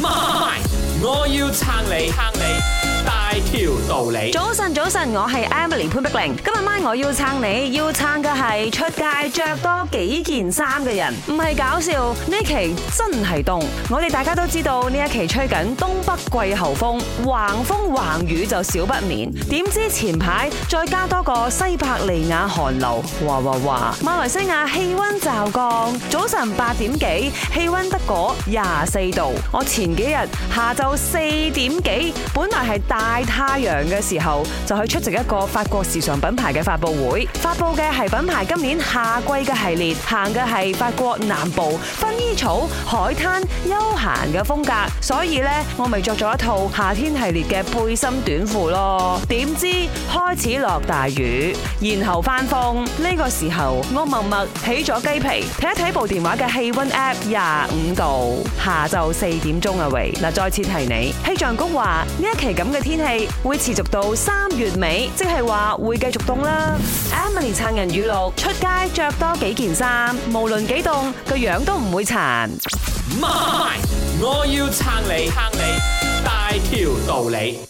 My，我要撐你，撐你。大條道理，早晨早晨，我係 Emily 潘碧玲，今日晚我要撐你，要撐嘅係出街着多幾件衫嘅人，唔係搞笑，呢期真係凍，我哋大家都知道呢一期吹緊東北季候風，橫風橫雨就少不免。點知前排再加多個西伯利亞寒流，嘩嘩嘩，馬來西亞氣溫驟降，早晨八點幾氣溫得嗰廿四度，我前幾日下晝四點幾本來係。大太陽嘅時候就去出席一個法國時尚品牌嘅發佈會，發佈嘅係品牌今年夏季嘅系列，行嘅係法國南部薰衣草海灘悠閒嘅風格，所以咧我咪着咗一套夏天系列嘅背心短褲咯。點知開始落大雨，然後翻風，呢個時候我默默起咗雞皮，睇一睇部電話嘅氣溫 app，廿五度，下晝四點鐘啊喂。嗱，再次提你氣象局話呢一期咁嘅天氣會持續到三月尾，即係話會繼續凍啦。Emily 撐人雨露，出街著多幾件衫，無論幾凍個樣都唔會殘。媽咪，我要撐你撐你，大條道理。